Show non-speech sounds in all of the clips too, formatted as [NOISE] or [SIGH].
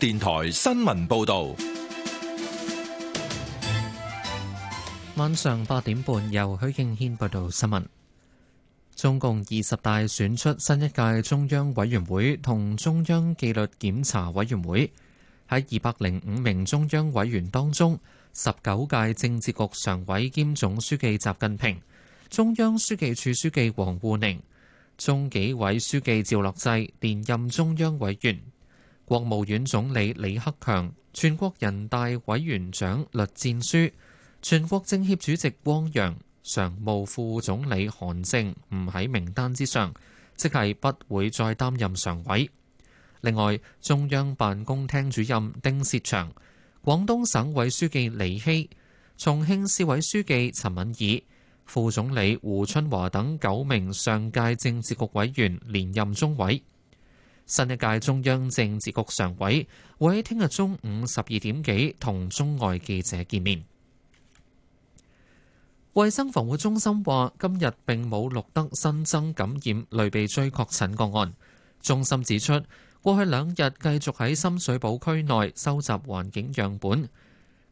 電台新聞報道，晚上八點半由許敬軒報道新聞。中共二十大選出新一屆中央委員會同中央紀律檢查委員會。喺二百零五名中央委員當中，十九屆政治局常委兼總書記習近平、中央書記處書記王滬寧、中紀委書記趙樂際連任中央委員。國務院總理李克強、全國人大委員長栗戰書、全國政協主席汪洋、常務副總理韓正唔喺名單之上，即係不會再擔任常委。另外，中央辦公廳主任丁薛祥、廣東省委書記李希、重慶市委書記陳敏爾、副總理胡春華等九名上屆政治局委員連任中委。新一屆中央政治局常委會喺聽日中午十二點幾同中外記者見面。衛生防護中心話，今日並冇錄得新增感染類鼻疽確診個案。中心指出，過去兩日繼續喺深水埗區內收集環境樣本，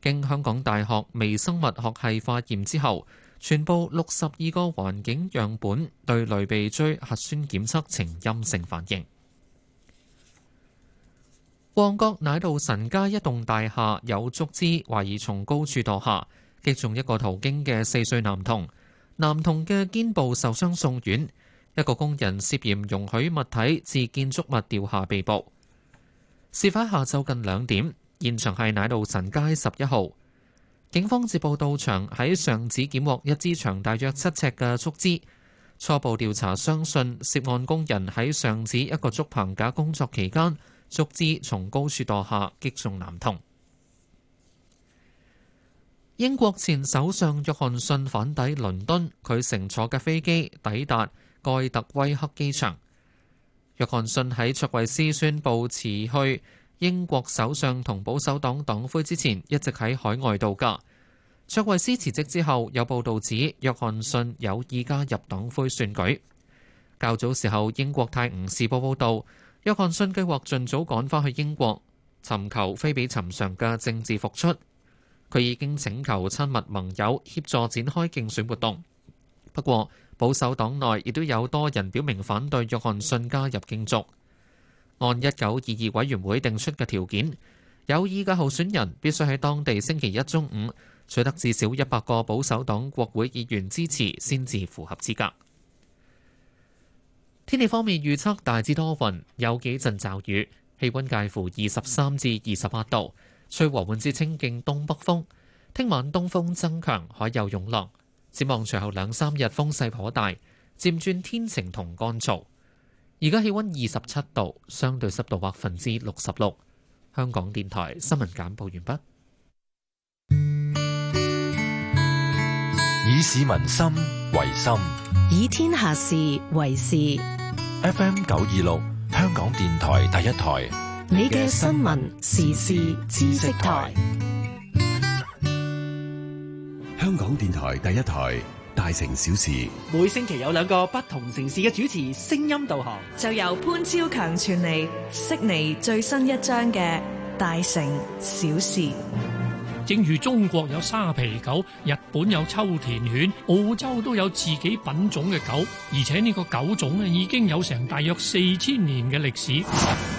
經香港大學微生物學系化驗之後，全部六十二個環境樣本對類鼻疽核酸檢測呈陰性反應。旺角奶路臣街一棟大廈有竹枝懷疑從高處墮下，擊中一個途經嘅四歲男童，男童嘅肩部受傷送院。一個工人涉嫌容許物體自建築物掉下被捕。事發下晝近兩點，現場係奶路臣街十一號，警方接報到場，喺上址檢獲一支長大約七尺嘅竹枝。初步調查相信涉案工人喺上址一個竹棚架工作期間，足次從高處墮下，擊中男童。英國前首相約翰遜反抵倫敦，佢乘坐嘅飛機抵達蓋特威克機場。約翰遜喺卓慧斯宣布辭去英國首相同保守黨黨魁之前，一直喺海外度假。卓慧斯辭職之後，有報導指約翰遜有意加入黨魁選舉。較早時候，英國泰晤士報報道。約翰遜計劃盡早趕返去英國，尋求非比尋常嘅政治復出。佢已經請求親密盟友協助展開競選活動。不過保守黨內亦都有多人表明反對約翰遜加入競逐。按一九二二委員會定出嘅條件，有意嘅候選人必須喺當地星期一中午取得至少一百個保守黨國會議員支持，先至符合資格。天氣方面預測大致多雲，有幾陣驟雨，氣溫介乎二十三至二十八度，吹和緩至清勁東北風。聽晚東風增強，海有湧浪。展望隨後兩三日風勢頗大，漸轉天晴同乾燥。而家氣温二十七度，相對濕度百分之六十六。香港電台新聞簡報完畢。以市民心為心。以天下事為事。FM 九二六，香港電台第一台。你嘅新聞時事知識台。香港電台第一台，大城小事。每星期有兩個不同城市嘅主持聲音導航，就由潘超強傳嚟悉尼最新一章嘅大城小事。正如中國有沙皮狗，日本有秋田犬，澳洲都有自己品種嘅狗，而且呢個狗種啊已經有成大約四千年嘅歷史。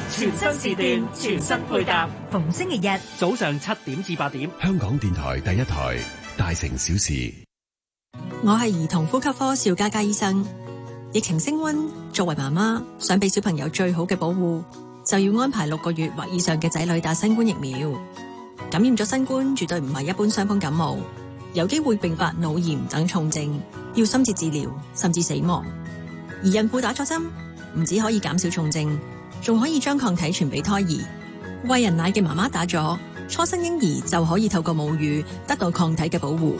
全新時段，全新配搭，逢星期日早上七點至八點，香港電台第一台《大城小事》。我係兒童呼吸科邵嘉嘉醫生。疫情升溫，作為媽媽，想俾小朋友最好嘅保護，就要安排六個月或以上嘅仔女打新冠疫苗。感染咗新冠，絕對唔係一般傷風感冒，有機會併發腦炎等重症，要深切治療，甚至死亡。而孕婦打咗針，唔止可以減少重症，仲可以將抗體傳俾胎兒。餵人奶嘅媽媽打咗，初生嬰兒就可以透過母乳得到抗體嘅保護。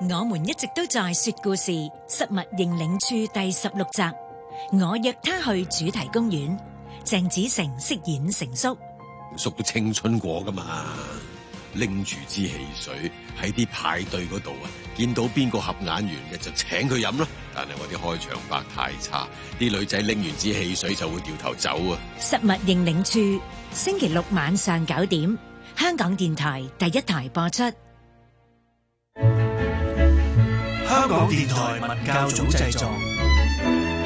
我們一直都在說故事。失物認領處第十六集，我約他去主題公園，鄭子誠飾演成叔。熟都青春過噶嘛，拎住支汽水喺啲派對嗰度啊，見到邊個合眼緣嘅就請佢飲咯。但係我啲開場白太差，啲女仔拎完支汽水就會掉頭走啊。失物認領處，星期六晚上九點，香港電台第一台播出。香港電台文教組製作，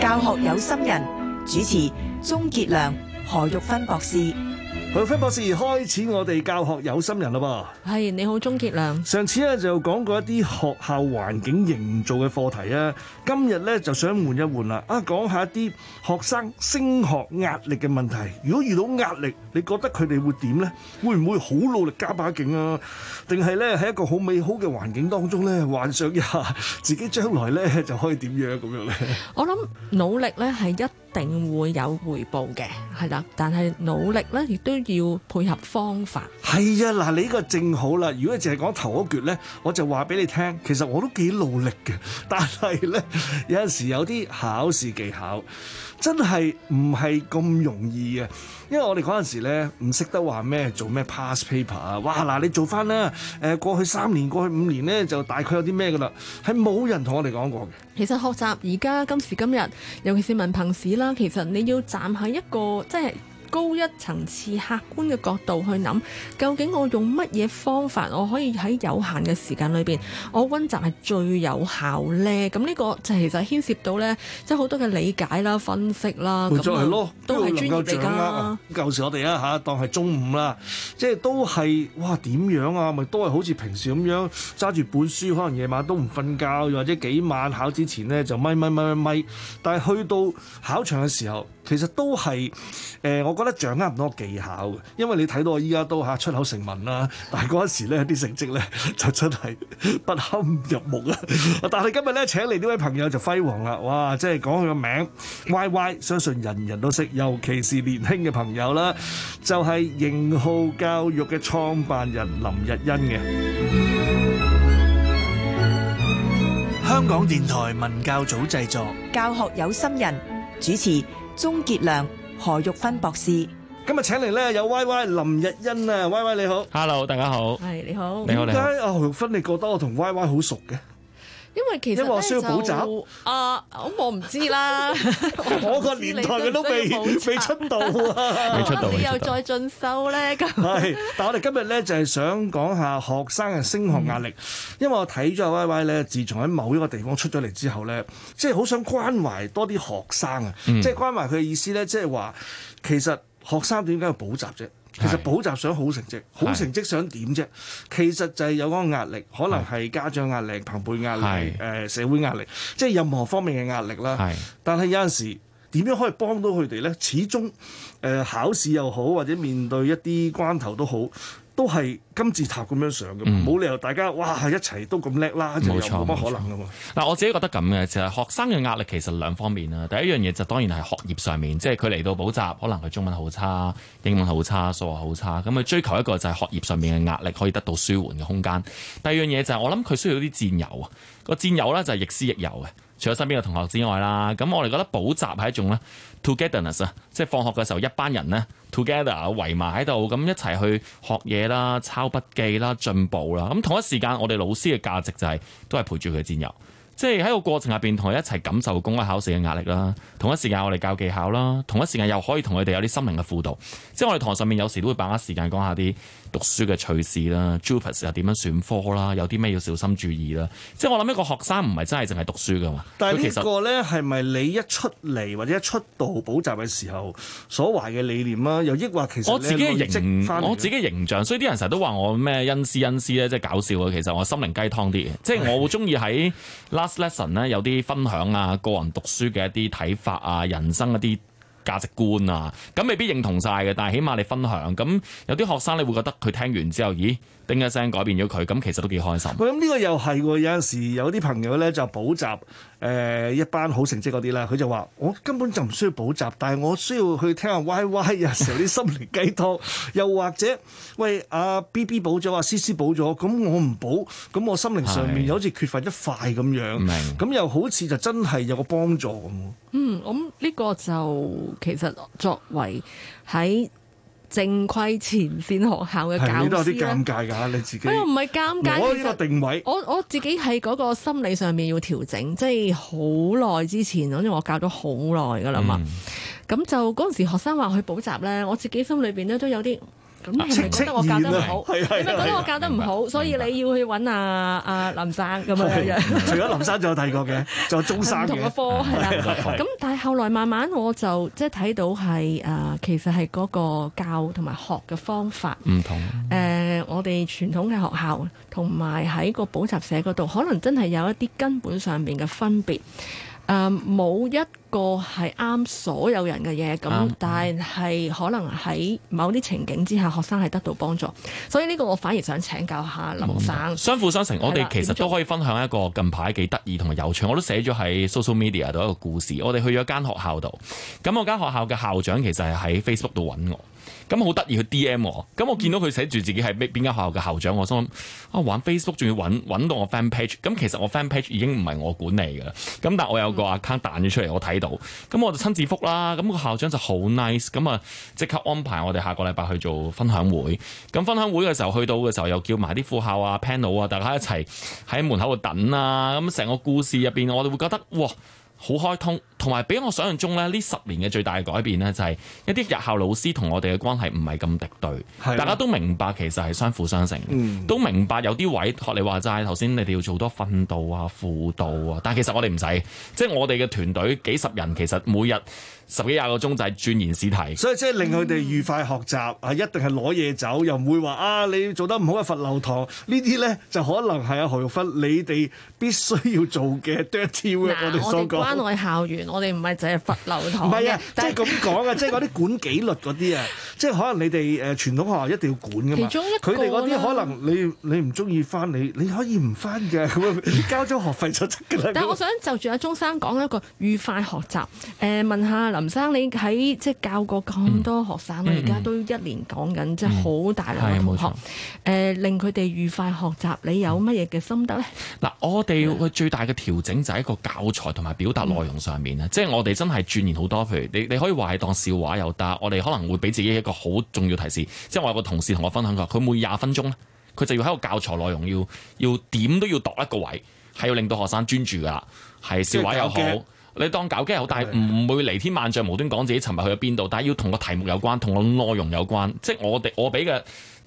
教學有心人主持，鍾杰良、何玉芬博士。好，Fit 博士開始我哋教學有心人啦噃。係，你好，鍾傑良。上次咧就講過一啲學校環境營造嘅課題啊，今日咧就想換一換啦。啊，講下一啲學生升學壓力嘅問題。如果遇到壓力，你覺得佢哋會點咧？會唔會好努力加把勁啊？定係咧喺一個好美好嘅環境當中咧，幻想一下自己將來咧就可以點樣咁樣咧？我諗努力咧係一。定會有回報嘅，係啦。但係努力咧，亦都要配合方法。係啊，嗱， [NOISE] 你呢個正好啦。如果你淨係講頭一橛咧，我就話俾你聽，其實我都幾努力嘅。但係咧，有陣時有啲考試技巧。真係唔係咁容易啊！因為我哋嗰陣時咧，唔識得話咩做咩 past paper 啊！哇嗱，你做翻咧誒過去三年、過去五年咧就大概有啲咩噶啦，係冇人同我哋講過嘅。其實學習而家今時今日，尤其是文憑試啦，其實你要站喺一個即係。高一層次客觀嘅角度去諗，究竟我用乜嘢方法，我可以喺有限嘅時間裏邊，我温習係最有效咧？咁呢個就其實牽涉到咧，即係好多嘅理解啦、分析啦，咁啊、嗯，就就都係專業嚟噶、嗯。舊時我哋啊嚇，當係中午啦，即係都係哇點樣啊？咪都係好似平時咁樣揸住本書，可能夜晚都唔瞓覺，又或者幾晚考之前咧就咪咪咪咪咪咪，但係去到考場嘅時候。其實都係誒、呃，我覺得掌握唔到技巧嘅，因為你睇到我依家都嚇出口成文啦，但係嗰陣時咧啲成績咧就真係不堪入目啊！但係今日咧請嚟呢位朋友就輝煌啦，哇！即係講佢個名 Y Y，相信人人都識，尤其是年輕嘅朋友啦，就係盈浩教育嘅創辦人林溢欣嘅。香港電台文教組製作，教學有心人主持。鐘杰良、何玉芬博士，今日請嚟咧有 Y Y 林溢欣啊，Y Y 你好，Hello，大家好，係你,你好，你好你好、點解啊，何玉芬你覺得我同 Y Y 好熟嘅？因為其實咧，因為我需要補習，就啊，呃，我我唔知啦。 [LAUGHS] 我個年代佢 [LAUGHS] 都未未出道啊，未 [LAUGHS] 出道 [LAUGHS] 你又再進修咧咁。係 [LAUGHS] 但係我哋今日咧就係、是、想講下學生嘅升學壓力，嗯，因為我睇咗 Y Y 咧，自從喺某一個地方出咗嚟之後咧，即係好想關懷多啲學生啊，嗯，即係關懷佢嘅意思咧，即係話其實學生點解要補習啫？其實補習，想好成績，好成績想點啫？是 其實就係有嗰個壓力，可能係家長壓力、朋輩壓力、誒是、呃、社會壓力，即係任何方面嘅壓力啦。是 但係有陣時點樣可以幫到佢哋咧？始終誒、呃、考試又好，或者面對一啲關頭都好。都係金字塔咁樣上嘅，冇、嗯、理由大家哇一齊都咁叻啦，就冇乜可能嘅嘛。嗱、啊，我自己覺得咁嘅就係、是、學生嘅壓力其實兩方面啦。第一樣嘢就當然係學業上面，即係佢嚟到補習，可能佢中文好差、英文好差、數學好差，咁佢追求一個就係學業上面嘅壓力可以得到舒緩嘅空間。第二樣嘢就係、是、我諗佢需要啲戰友啊，個戰友咧就係亦師亦友嘅。除咗身邊嘅同學之外啦，咁我哋覺得補習係一種咧 togetherness 啊，即係放學嘅時候一班人咧 together 圍埋喺度，咁一齊去學嘢啦、抄筆記啦、進步啦。咁同一時間，我哋老師嘅價值就係都係陪住佢嘅戰友，即係喺個過程入邊同佢一齊感受公開考試嘅壓力啦。同一時間我哋教技巧啦，同一時間又可以同佢哋有啲心靈嘅輔導。即係我哋堂上面有時都會把握時間講下啲。讀書嘅趣事啦，JUPAS 又點樣選科啦，有啲咩要小心注意啦。即係我諗一個學生唔係真係淨係讀書噶嘛。但係其實個咧係咪你一出嚟或者一出道補習嘅時候所懷嘅理念啦？又抑或其實我自己形我自己形象，所以啲人成日都話我咩恩師恩師咧，即係搞笑啊！其實我心靈雞湯啲嘅，即係的我好中意喺 last lesson 咧有啲分享啊，個人讀書嘅一啲睇法啊，人生一啲。價值觀啊，咁未必認同晒嘅，但係起碼你分享，咁有啲學生你會覺得佢聽完之後，咦，叮一聲改變咗佢，咁其實都幾開心。咁呢、嗯呢個又係喎，有陣時有啲朋友咧就補習。誒一班好成績嗰啲啦，佢就話我根本就唔需要補習，但係我需要去聽下 Y Y 啊，成啲心靈雞湯， [LAUGHS] 又或者喂阿、啊、B B 補咗，阿、啊、C C 補咗，咁我唔補，咁我心靈上面又好似缺乏一塊咁樣，咁又好似就真係有個幫助咁咯。嗯，咁呢個就其實作為喺。正規前線學校嘅教師都有啲係尷尬㗎。你自己，我呢個定位，我我自己喺嗰個心理上面要調整，即係好耐之前，好似我教咗好耐噶啦嘛。咁、嗯、就嗰陣時學生話去補習咧，我自己心裏邊咧都有啲。咁，係咪覺得我教得唔好？你咪覺得我教得唔好，所以你要去揾阿阿林生咁樣。除咗林生，仲有第個嘅，仲有中山唔同嘅科係啦。咁但係後來慢慢我就即係睇到係誒，其實係嗰個教同埋學嘅方法唔同。誒，我哋傳統嘅學校同埋喺個補習社嗰度，可能真係有一啲根本上面嘅分別。誒，冇一。個係啱所有人嘅嘢，咁但係可能喺某啲情景之下，學生係得到幫助。所以呢個我反而想請教下林生，相輔相成。的我哋其實都可以分享一個近排幾得意同埋有趣，我都寫咗喺 social media 度一個故事。我哋去咗間學校度，咁我間學校嘅校長其實係喺 Facebook 度揾我，咁好得意佢 DM 我，咁我見到佢寫住自己係邊邊間學校嘅校長，我心諗啊，玩 Facebook 仲要揾到我 fan page，咁其實我 fan page 已經唔係我管理嘅喇，咁但我有個 account 彈咗出嚟，我睇、嗯。度，咁我就親自覆啦，咁個校長就好 nice，咁啊即刻安排我哋下個禮拜去做分享會。咁分享會嘅時候去到嘅時候又叫埋啲副校啊、panel 啊，大家一齊喺門口度等啊。咁成個故事入邊，我哋會覺得哇，好開通。同埋俾我想象中咧，呢十年嘅最大嘅改變咧、就是，就係一啲日校老師同我哋嘅關係唔係咁敵對，啊、大家都明白其實係相輔相成、嗯、都明白有啲位學你話齋頭先，你哋要做多訓導啊、輔導啊，但係其實我哋唔使，即、就、係、是、我哋嘅團隊幾十人，其實每日十幾廿個鐘就係鑽研試題，所以即係令佢哋愉快學習係、嗯、一定係攞嘢走，又唔會話啊你做得唔好嘅罰留堂，呢啲咧就可能係阿何玉芬你哋必須要做嘅 dirty work，我哋所講。嗱，關愛校園。我哋唔係就係罰留堂。唔係啊， [LAUGHS] 即係咁講啊，即係嗰啲管紀律嗰啲啊，即係可能你哋誒傳統學校一定要管噶嘛。其中一個佢哋嗰啲可能你你唔中意翻，你你可以唔翻嘅， [LAUGHS] 交咗學費就得噶啦。 [LAUGHS] 但係我想就住阿鐘生講一個愉快學習。誒、呃，問下林生，你喺即係教過咁多學生，而家、嗯、都一年講緊，嗯、即係好大量嘅同學。令佢哋愉快學習，你有乜嘢嘅心得咧？嗱、嗯，我哋佢最大嘅調整就係一個教材同埋表達內容上面。即係我哋真係鑽研好多，譬如你你可以話係當笑話又得，我哋可能會俾自己一個好重要提示。即係我有個同事同我分享過，佢每廿分鐘咧，佢就要喺個教材內容要要點都要度一個位，係要令到學生專注㗎喇。係笑話又好，你當搞基又好，的但係唔會離天萬丈無端講自己尋日去咗邊度，但係要同個題目有關，同個內容有關。即係我哋我俾嘅。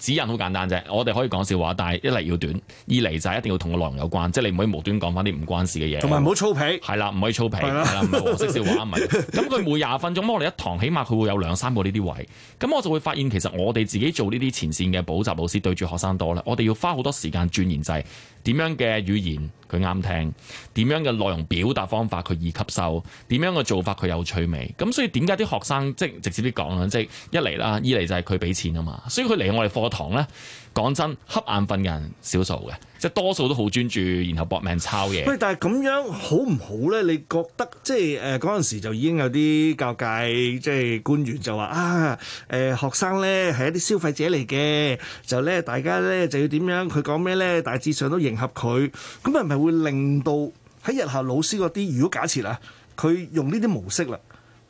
指引好簡單啫，我哋可以講笑話，但係一嚟要短，二嚟就係一定要同個內容有關，即係你唔可以無端講返啲唔關事嘅嘢，同埋唔好粗皮。係啦，唔可以粗皮，唔係黃色笑話啊嘛。咁佢 [LAUGHS] 每廿分鐘我哋一堂，起碼佢會有兩三個呢啲位，咁我就會發現其實我哋自己做呢啲前線嘅補習老師對住學生多啦，我哋要花好多時間鑽研就係點樣嘅語言佢啱聽，點樣嘅內容表達方法佢易吸收，點樣嘅做法佢有趣味。咁所以點解啲學生即係直接啲講啦，即係一嚟啦，二嚟就係佢俾錢啊嘛，所以佢嚟我哋課堂咧，講真，瞌眼瞓人少數嘅，即係多數都好專注，然後搏命抄嘢。喂，但係咁樣好唔好咧？你覺得即係誒嗰陣時就已經有啲教界即係官員就話啊誒、呃、學生咧係一啲消費者嚟嘅，就咧大家咧就要點樣？佢講咩咧？大致上都迎合佢。咁係咪會令到喺日後老師嗰啲？如果假設啊，佢用呢啲模式啦。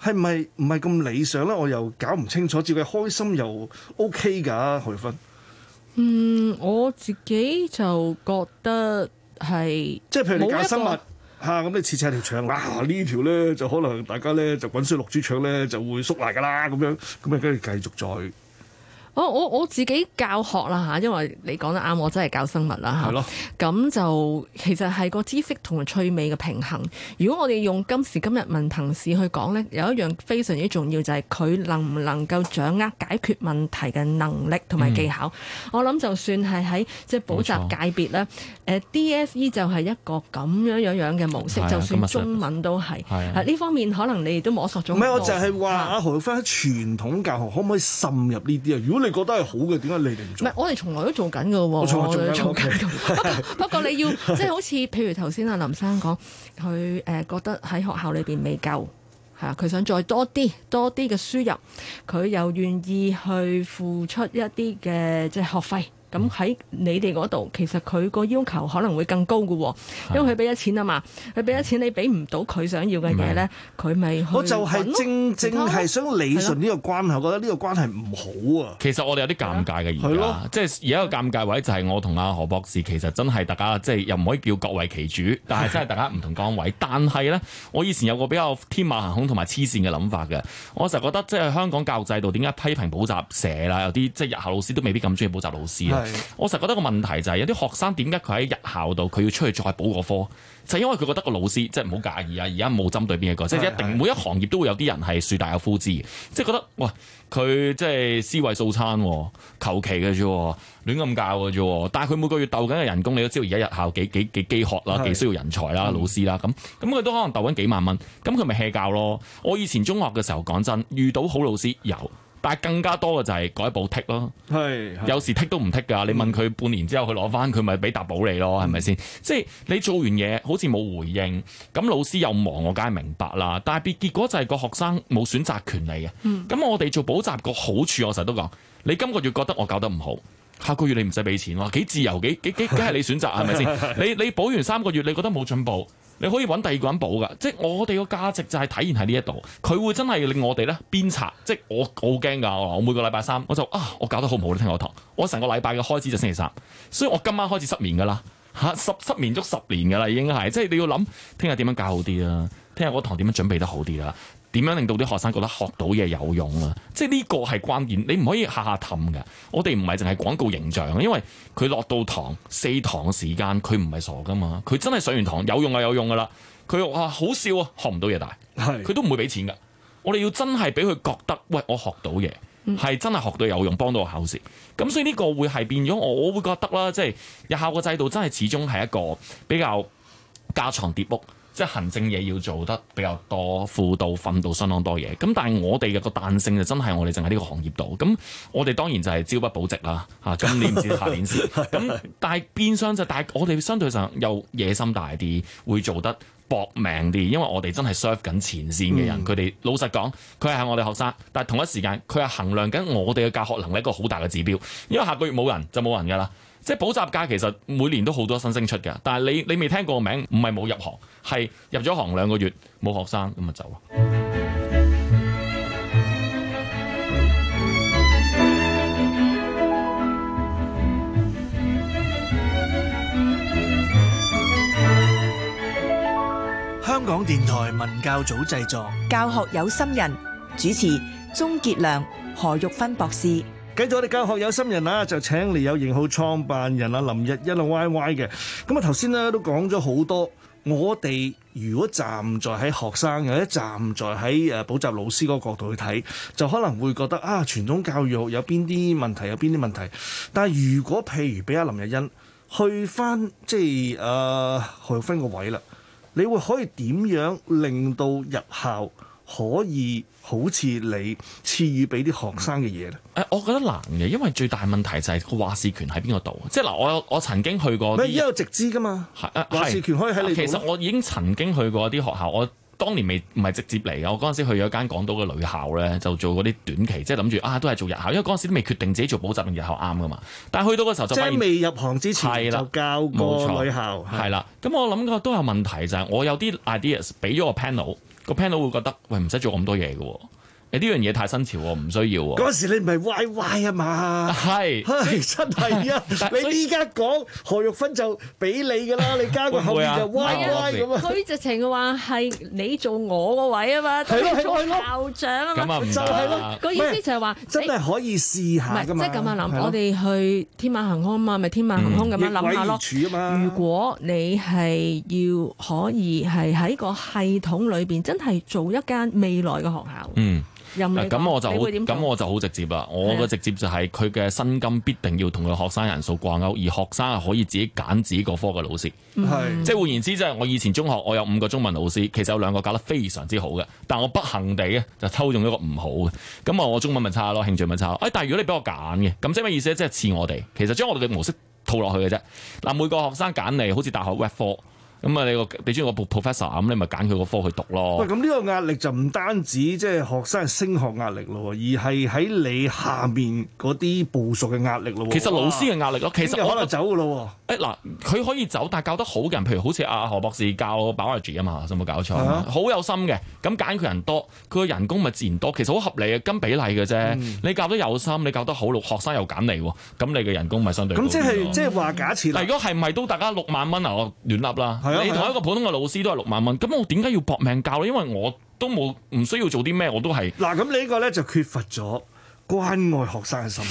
係咪唔係咁理想咧？我又搞唔清楚，只要佢開心又 O K 㗎。何玉芬，嗯，我自己就覺得係即係譬如你搞生物吓，咁、啊、你切切條腸，嗱、啊、呢條咧就可能大家咧就滾水淥豬腸咧就會縮埋㗎啦，咁樣咁咪跟住繼續再。我我我自己教學啦嚇，因為你講得啱，我真係教生物啦嚇。咁的、啊、就其實係個知識同趣味嘅平衡。如果我哋用今時今日文憑試去講呢，有一樣非常之重要，就係佢能唔能夠掌握解決問題嘅能力同埋技巧。嗯、我諗就算係喺即係補習界別咧錯，DSE 就係一個咁樣樣樣嘅模式，的就算中文都係。呢的、啊、方面可能你都摸索咗。唔係，我就係話阿何玉芬喺傳統教學可唔可以滲入呢啲啊？如果你覺得係好嘅，點解你哋唔做？唔係，我哋從來都做緊㗎喎。我從來都做緊、嗯。 [LAUGHS] 不過不過，你要即係 [LAUGHS] 好似譬如頭先阿林生講，佢誒覺得喺學校裏邊未夠，係啊，佢想再多啲多啲嘅輸入，佢又願意去付出一啲嘅即係學費。咁喺你哋嗰度，其實佢個要求可能會更高嘅喎，因為佢俾咗錢啊嘛，佢俾咗錢，你俾唔到佢想要嘅嘢咧，佢咪我就係正正係想理順呢個關係，的我覺得呢個關係唔好啊。其實我哋有啲尷尬嘅而家，即係而家個尷尬位就係我同阿何博士其實真係大家即係又唔可以叫各為其主，但係真係大家唔同崗位。的但係咧，我以前有個比較天馬行空同埋黐線嘅諗法嘅，我成日覺得即係香港教育制度點解批評補習社啦，有啲即係日校老師都未必咁中意補習老師。我成日覺得個問題就係、是、有啲學生點解佢喺日校度佢要出去再補個科？就係、是、因為佢覺得個老師即係唔好介意啊！而家冇針對邊一個，即係是 一定每一行業都會有啲人係樹大有枯枝」，即係覺得哇！佢即係思維素餐、啊，求其嘅啫，亂咁教嘅啫、啊。但係佢每個月鬥緊嘅人工，你都知道而家日校幾幾幾飢渴啦、啊，幾需要人才啦、啊，是 嗯、老師啦、啊、咁。咁佢都可能鬥緊幾萬蚊。咁佢咪 hea 教咯？我以前中學嘅時候，講真，遇到好老師有。但係更加多嘅就係改補剔咯，係 [NOISE] 有時剔都唔剔噶。你問佢半年之後，佢攞翻，佢咪俾答補你咯，係咪先？ [NOISE] 即係你做完嘢好似冇回應，咁老師又忙，我梗係明白啦。但係結結果就係個學生冇選擇權利嘅。咁 [NOISE] 我哋做補習個好處，我成日都講，你今個月覺得我教得唔好，下個月你唔使俾錢喎，幾自由，幾幾幾，梗係你選擇係咪先？是是 [LAUGHS] 你你補完三個月，你覺得冇進步。你可以揾第二個人補噶，即係我哋個價值就係體現喺呢一度，佢會真係令我哋咧鞭策。即係我好驚㗎，我每個禮拜三，我就啊，我搞得好唔好？你聽我堂，我成個禮拜嘅開始就星期三，所以我今晚開始失眠㗎啦、吓、十失眠足十年㗎啦已經係，即係你要諗聽日點樣教好啲啦、啊，聽日我堂點樣準備得好啲啦、啊。點樣令到啲學生覺得學到嘢有用啊？即係呢個係關鍵，你唔可以下下氹嘅。我哋唔係淨係廣告形象，因為佢落到堂四堂嘅時間，佢唔係傻噶嘛。佢真係上完堂有用啊，有用噶啦。佢話好笑啊，學唔到嘢大，佢都唔會俾錢㗎。我哋要真係俾佢覺得，喂，我學到嘢係真係學到有用，幫到我考試。咁所以呢個會係變咗，我會覺得啦，即係日校嘅制度真係始終係一個比較架床疊屋。即係行政嘢要做得比較多，輔導、訓導相當多嘢。咁但係我哋嘅個彈性就真係我哋淨係喺呢個行業度。咁我哋當然就係朝不保夕啦。嚇，今年唔知下年先。咁 [LAUGHS] 但係變相就，但係我哋相對上又野心大啲，會做得搏命啲。因為我哋真係 serve 緊前線嘅人，佢哋、嗯、老實講，佢係我哋學生，但係同一時間佢係衡量緊我哋嘅教學能力一個好大嘅指標。因為下個月冇人就冇人㗎啦。即係補習界，其實每年都好多新星出嘅，但係你你未聽過名，唔係冇入行，係入咗行兩個月冇學生咁啊，走啦！香港電台文教組製作，教學有心人主持，鍾杰良、何玉芬博士。繼續我哋教學有心人啦，就請嚟有型號創辦人啊林溢欣啊 Y Y 嘅。咁啊頭先咧都講咗好多，我哋如果站在喺學生，或者站在喺誒補習老師嗰個角度去睇，就可能會覺得啊傳統教育有邊啲問題有邊啲問題。但係如果譬如俾阿林溢欣去翻即係誒、呃、去翻個位啦，你會可以點樣令到入校？可以好似你賜予俾啲學生嘅嘢咧？誒、欸，我覺得難嘅，因為最大問題就係個話事權喺邊個度啊！即嗱、就是，我我曾經去過。咪依家有直資噶嘛？話事權可以喺你。其實我已經曾經去過一啲學校，我當年未唔係直接嚟嘅。我嗰陣時去咗一間港島嘅女校咧，就做嗰啲短期，即係諗住啊，都係做日校，因為嗰陣時都未決定自己做補習定日校啱㗎嘛。但係去到嗰時候就未入行之前就教冇錯女校係啦。咁我諗過都有問題就係我有啲 ideas 俾咗個 panel。個 panel 會覺得，喂，唔使做咁多嘢嘅喎。呢樣嘢太新潮喎，唔需要喎。嗰時你唔係歪歪啊嘛，係，真係啊！你依家講何玉芬就俾你㗎啦，你加個後面就歪歪咁啊！佢直情話係你做我個位啊嘛，做校長啊嘛，就係咯。個意思就係話真係可以試下㗎嘛。即係咁啊，諗我哋去天馬行空啊嘛，咪天馬行空咁樣諗下咯。如果你係要可以係喺個系統裏邊真係做一間未來嘅學校。嗯。咁我就咁我就好直接啦，我嘅直接就係佢嘅薪金必定要同佢學生人數掛鈎，而學生係可以自己揀自己個科嘅老師，係即係換言之，即係我以前中學我有五個中文老師，其實有兩個教得非常之好嘅，但我不幸地咧就抽中一個唔好嘅，咁啊我中文咪差咯，興趣咪差咯，哎，但係如果你俾我揀嘅，咁即係咩意思？即係似我哋，其實將我哋嘅模式套落去嘅啫。嗱，每個學生揀嚟好似大學揀科。咁啊、嗯，你個俾咗個 professor 咁，你咪揀佢個科去讀咯。喂，咁呢個壓力就唔單止即係學生升學壓力咯，而係喺你下面嗰啲部屬嘅壓力咯。其實老師嘅壓力咯，啊、其實可能走噶咯。誒嗱、欸，佢可以走，但係教得好嘅人，譬如好似阿何博士教 biology 啊嘛，有冇搞錯？好、啊、有心嘅，咁揀佢人多，佢嘅人工咪自然多。其實好合理嘅，跟比例嘅啫。嗯、你教得有心，你教得好，學生又揀你，咁你嘅人工咪相對高啲咯，咁、嗯、即係即係話假設，嗱，如果係咪都大家六萬蚊啊？我亂笠啦。你同一個普通嘅老師都係六萬蚊，咁我點解要搏命教咧？因為我都冇唔需要做啲咩，我都係。嗱，咁你呢個咧就缺乏咗關愛學生嘅心，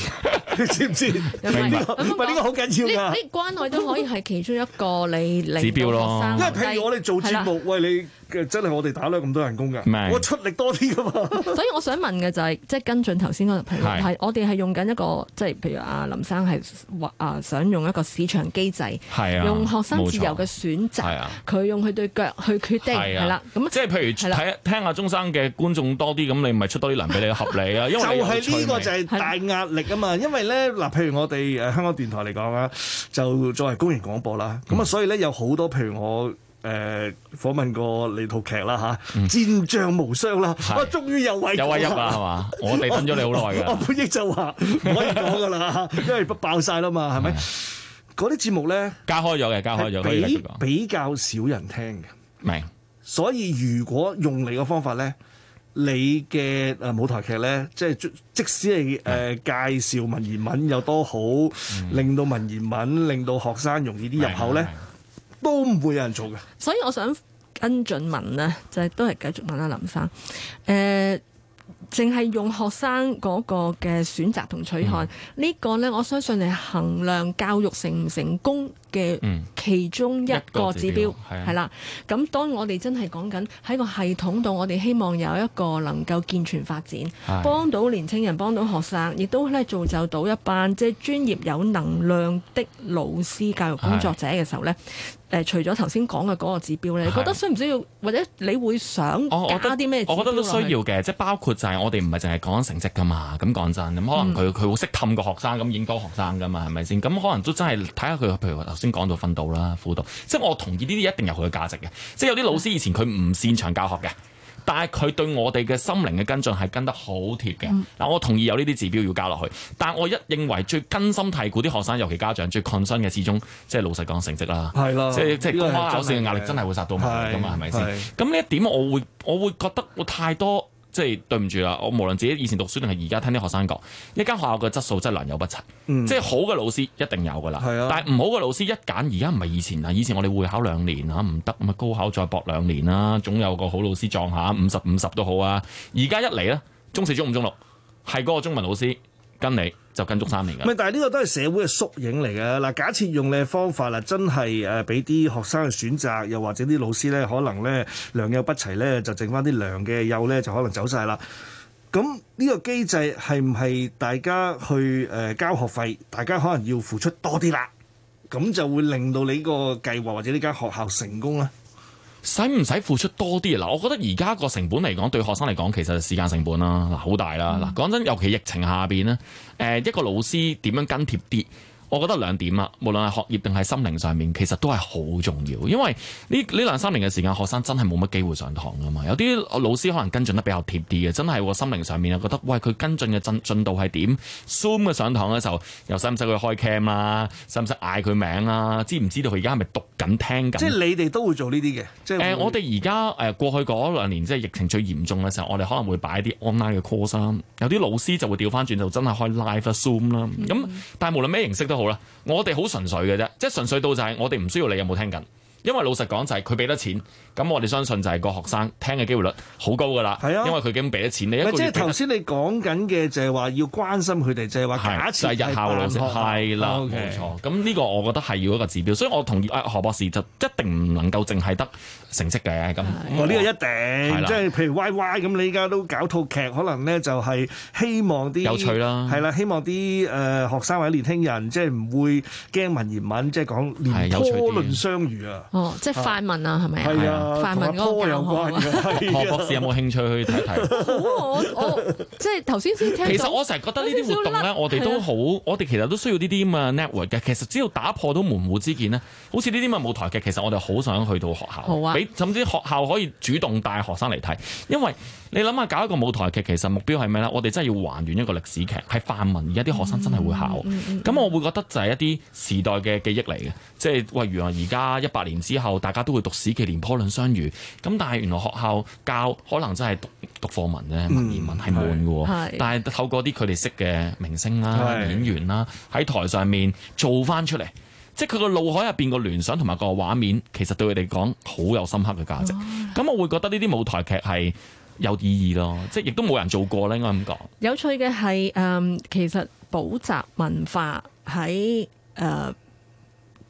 這個你，你知唔知？唔係呢個好緊要，你呢關愛都可以係其中一個你嚟。指標咯，因為譬如我哋做節目，餵對你。真係我哋打咗咁多人工㗎，我出力多啲㗎嘛。所以我想問嘅就係，即係跟進頭先嗰個評論，我哋係用緊一個，即係譬如阿林生係啊，想用一個市場機制，係啊，用學生自由嘅選擇，佢用佢對腳去決定，係啦，咁即係譬如睇聽下鐘生嘅觀眾多啲，咁你唔係出多啲糧俾你合理啊？因為就係呢個就係大壓力啊嘛。因為咧嗱，譬如我哋誒香港電台嚟講啊，就作為公營廣播啦，咁啊，所以咧有好多譬如我。誒，訪問過你套劇啦嚇，《戰將無雙》啦，我終於有位有位入啦，係嘛？我哋等咗你好耐㗎。我本益就話唔可以講㗎啦，因為爆晒啦嘛，係咪？嗰啲節目咧，加開咗嘅，加開咗。比比較少人聽嘅，明。所以如果用你嘅方法咧，你嘅誒舞台劇咧，即係即使係誒介紹文言文有多好，令到文言文令到學生容易啲入口咧。都唔會有人做嘅，所以我想跟進問呢，就係、是、都係繼續問下林生，誒、呃，淨係用學生嗰個嘅選擇同取向呢、嗯、個呢。我相信你衡量教育成唔成功，嘅、嗯、其中一個指標係啦，咁的當我哋真係講緊喺個系統度，我哋希望有一個能夠健全發展，幫的到年青人，幫到學生，亦都咧造就到一班即係專業有能量的老師、教育工作者嘅時候咧，誒的、呃、除咗頭先講嘅嗰個指標咧，的你覺得需唔需要，或者你會想加啲咩？我覺得都需要嘅，即係包括就係我哋唔係淨係講成績噶嘛。咁講真，咁可能佢佢好識氹個學生，咁影響學生噶嘛，係咪先？咁可能都真係睇下佢，譬如。先講到訓導啦、輔導，即係我同意呢啲一定有佢嘅價值嘅。即係有啲老師以前佢唔擅長教學嘅，但係佢對我哋嘅心靈嘅跟進係跟得好貼嘅。嗱、嗯，我同意有呢啲指標要加落去，但我一認為最根深蒂固啲學生，尤其家長最 concern 嘅，始終即係老實講成績啦。係啦了，即係即係公開試嘅壓力真係會殺到埋咁啊？係咪先？咁呢吧一點我會我會覺得會太多。即係對唔住啦，我無論自己以前讀書定係而家聽啲學生講，一間學校嘅質素真係良莠不齊。嗯、即係好嘅老師一定有㗎啦，嗯、但係唔好嘅老師一揀而家唔係以前啦，以前我哋會考兩年嚇唔得咁啊，高考再搏兩年啦，總有個好老師撞下五十五十都好啊。而家一嚟呢，中四、中五、中六係嗰個中文老師。跟你就跟足三年嘅。咪但係呢個都係社會嘅縮影嚟嘅嗱。假設用你嘅方法嗱，真係誒俾啲學生去選擇，又或者啲老師咧可能咧糧有不齊良莠不齊咧，就剩翻啲良嘅幼咧就可能走晒啦。咁、嗯、呢、呢個機制係唔係大家去誒、呃、交學費，大家可能要付出多啲啦，咁就會令到你個計劃或者呢間學校成功咧。使唔使付出多啲？嗱，我覺得而家個成本嚟講，對學生嚟講，其實時間成本啦，嗱，好大啦。嗱，講真，尤其疫情下邊咧，誒，一個老師點樣跟貼啲？我覺得兩點啊，無論係學業定係心靈上面，其實都係好重要。因為呢呢兩三年嘅時間，學生真係冇乜機會上堂㗎嘛。有啲老師可能跟進得比較貼啲嘅，真係喎、哦。心靈上面啊，覺得喂佢跟進嘅進進度係點？Zoom 嘅上堂嘅時候，又使唔使佢開 cam 啊？使唔使嗌佢名啊？知唔知道佢而家係咪讀緊聽緊？即係你哋都會做呢啲嘅。即誒、呃，我哋而家誒過去嗰兩年即係疫情最嚴重嘅時候，我哋可能會擺啲 online 嘅 course。有啲老師就會調翻轉就真係開 live Zoom 啦。咁但係無論咩形式都好。好啦，我哋好純粹嘅啫，即係純粹到就係我哋唔需要你有冇聽緊，因為老實講就係佢俾得錢。咁我哋相信就係個學生聽嘅機會率好高噶啦，因為佢已經俾咗錢你。唔係，即係頭先你講緊嘅就係話要關心佢哋，就係話假設係日校老師，係啦，冇錯。咁呢個我覺得係要一個指標，所以我同意啊何博士就一定唔能夠淨係得成績嘅。咁呢個一定，即係譬如 Y Y 咁，你依家都搞套劇，可能咧就係希望啲有趣啦，係啦，希望啲誒學生或者年輕人即係唔會驚文言文，即係講連科論相遇啊，哦，即係快問啊，係咪啊？範文嗰有何 [LAUGHS] 博士有冇興趣去睇睇？好，我即係頭先先聽。其實我成日覺得呢啲活動咧， [LAUGHS] 我哋都好，我哋其實都需要呢啲咁嘅 network 嘅。其實只要打破到門戶之見呢，好似呢啲咁嘅舞台劇，其實我哋好想去到學校，啊，甚至學校可以主動帶學生嚟睇。因為你諗下搞一個舞台劇，其實目標係咩呢？我哋真係要還原一個歷史劇，係範文。而家啲學生真係會考。咁、嗯嗯嗯、我會覺得就係一啲時代嘅記憶嚟嘅，即係話，原來而家一百年之後，大家都會讀史記、廉頗論。相遇咁，但係原來學校教可能真係讀讀課文咧，文言文係悶嘅喎。嗯、但係透過啲佢哋識嘅明星啦、是演員啦，喺台上面做返出嚟，即係佢個腦海入邊個聯想同埋個畫面，其實對佢哋講好有深刻嘅價值。咁、嗯、我會覺得呢啲舞台劇係有意義咯，即係亦都冇人做過咧，應該咁講。有趣嘅係誒，其實補習文化喺誒。呃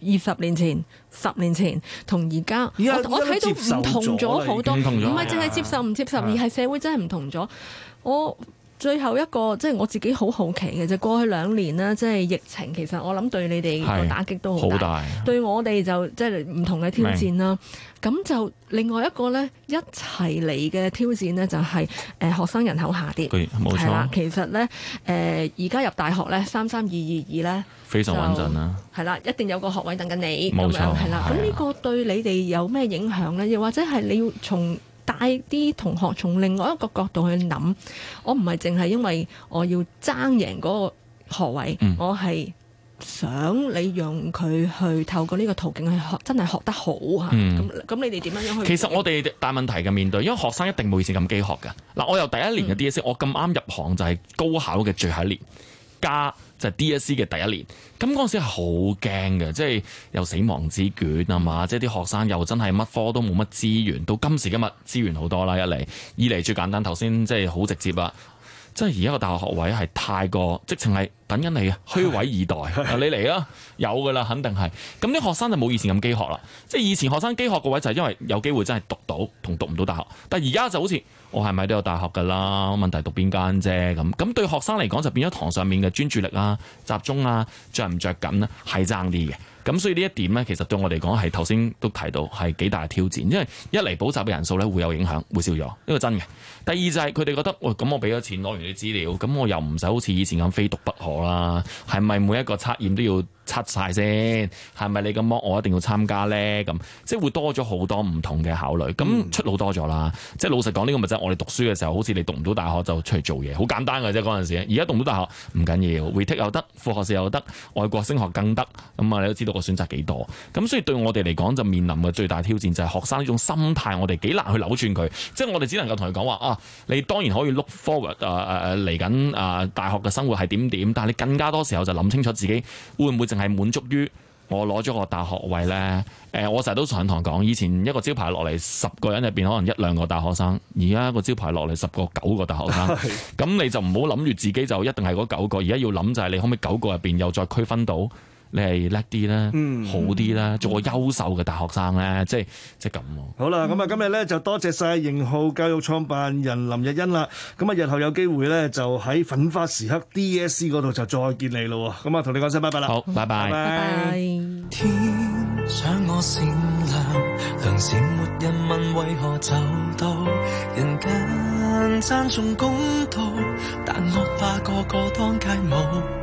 二十年前、十年前同而家，我睇到唔同咗好多，唔係淨係接受唔接受。的而係社會真係唔同咗。的我最後一個即係，就是，我自己好好奇嘅就是，過去兩年啦，即、就、係、是、疫情其實我諗對你哋個打擊都好大，大對我哋就即係唔同嘅挑戰啦。咁就另外一個咧一齊嚟嘅挑戰咧就係、是、誒、呃、學生人口下跌，冇錯。啦、啊，其實咧誒而家入大學咧三三二二二咧，呢非常穩陣啦、啊。係啦、啊，一定有個學位等緊你。冇錯，係啦。咁呢、啊啊、個對你哋有咩影響咧？又或者係你要從？帶啲同學從另外一個角度去諗，我唔係淨係因為我要爭贏嗰個學位，嗯、我係想你讓佢去透過呢個途徑去學，真係學得好吓。咁咁、嗯，你哋點樣樣去？其實我哋大問題嘅面對，因為學生一定冇以前咁飢渴嘅。嗱、啊，我由第一年嘅 D A C，、嗯、我咁啱入行就係高考嘅最後一年加。就 D.S.C 嘅第一年，咁嗰陣時係好驚嘅，即係有死亡之捲啊嘛！即係啲學生又真係乜科都冇乜資源，到今時今日資源好多啦，一嚟，二嚟最簡單頭先即係好直接啦，即係而家個大學學位係太過，直情係。等緊你啊，虛位以待， [LAUGHS] 你嚟啊！有噶啦，肯定係。咁啲學生就冇以前咁飢渴啦，即係以前學生飢渴個位就係因為有機會真係讀到同讀唔到大學，但係而家就好似我係咪都有大學㗎啦？問題讀邊間啫咁。咁對學生嚟講就變咗堂上面嘅專注力啊、集中啊、着唔着緊咧、啊，係爭啲嘅。咁所以呢一點呢，其實對我嚟講係頭先都提到係幾大挑戰，因為一嚟補習嘅人數咧會有影響，會少咗呢個真嘅。第二就係佢哋覺得，喂、哎，咁我俾咗錢攞完啲資料，咁我又唔使好似以前咁非讀不可。啊，係咪每一個測驗都要？拆晒先，係咪你咁 m 我一定要參加呢？咁即係會多咗好多唔同嘅考慮。咁、嗯、出路多咗啦，即係老實講，呢、咪即係我哋讀書嘅時候，好似你讀唔到大學就出嚟做嘢，好簡單嘅啫嗰陣時。而家讀唔到大學唔緊要 retake 又得，副學士又得，外國升學更得。咁、嗯、啊，你都知道我選擇幾多，多。咁所以對我哋嚟講，就面臨嘅最大挑戰就係學生呢種心態，我哋幾難去扭轉佢。即係我哋只能夠同佢講話啊，你當然可以 look forward 嚟、啊、緊、啊啊、大學嘅生活係點點，但係你更加多時候就諗清楚自己會唔會。淨係滿足於我攞咗個大學位呢？誒、呃，我成日都上堂講，以前一個招牌落嚟，十個人入邊可能一兩個大學生，而家個招牌落嚟十個九個大學生，咁 [LAUGHS] 你就唔好諗住自己就一定係嗰九個，而家要諗就係你可唔可以九個入邊又再區分到。你係叻啲啦，嗯、好啲啦，做個優秀嘅大學生咧，即係即係咁咯。就是、好啦吧，咁啊、嗯、今日咧就多謝晒盈浩教育創辦人林溢欣啦。咁啊、嗯、日後有機會咧就喺奮發時刻 D S C 嗰度就再見你咯。咁啊同你講聲拜拜啦。好，拜拜。天想我善良，良善沒人問為何走到人間讚頌公道，但我怕個個當街舞。